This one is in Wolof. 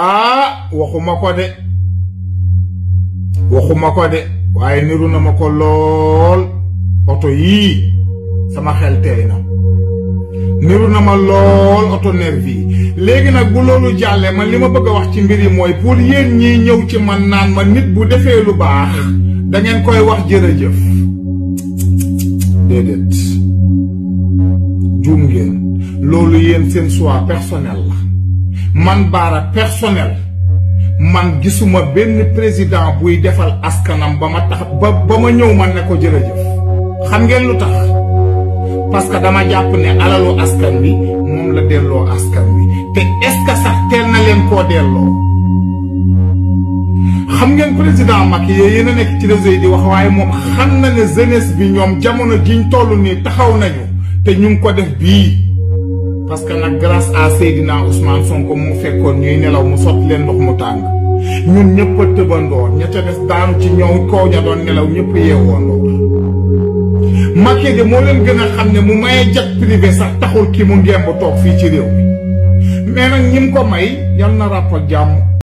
Ah, waxuma ko de waxuma ko de waaye niru na sama xel tey na niru na ma lool oto nervi yi léegi bu man lima ma bëgg a wax ci mbir yi mooy pour yéen ñiy ñëw ci man naan ma nit bu defee lu baax da ngeen koy wax jërëjëf déedéet juum ngeen loolu choix personnel man baara personnel man gisuma benn président buy defal askanam ba ma tax ba ba ma ñëw man ne ko jërëjëf xam ngeen lu tax parce que dama jàpp ne alalu askan bi moom la delloo askan bi te est-ce que sax teel na leen koo delloo xam ngeen président Macky yéen a nekk ci réseau yi di wax waaye moom xam na ne jeunesse bi ñoom jamono jiñ toll nii taxaw nañu te ñu ngi ko def bii parce que nag grâce à Seydina Ousmane Sonko mo fekkoon ñuy nelaw mu sotti leen ndox mu tang ñun ñepp a tëbandoo ña dess des daanu ci ñow ko ña doon nelaw ñepp yewoon yeewoondoo Macky de mo leen gëna a mu maye jet privé sax taxul ki mu ngemb tok fi ci réew mi mais nak ñim ko may yalla na ràpp ak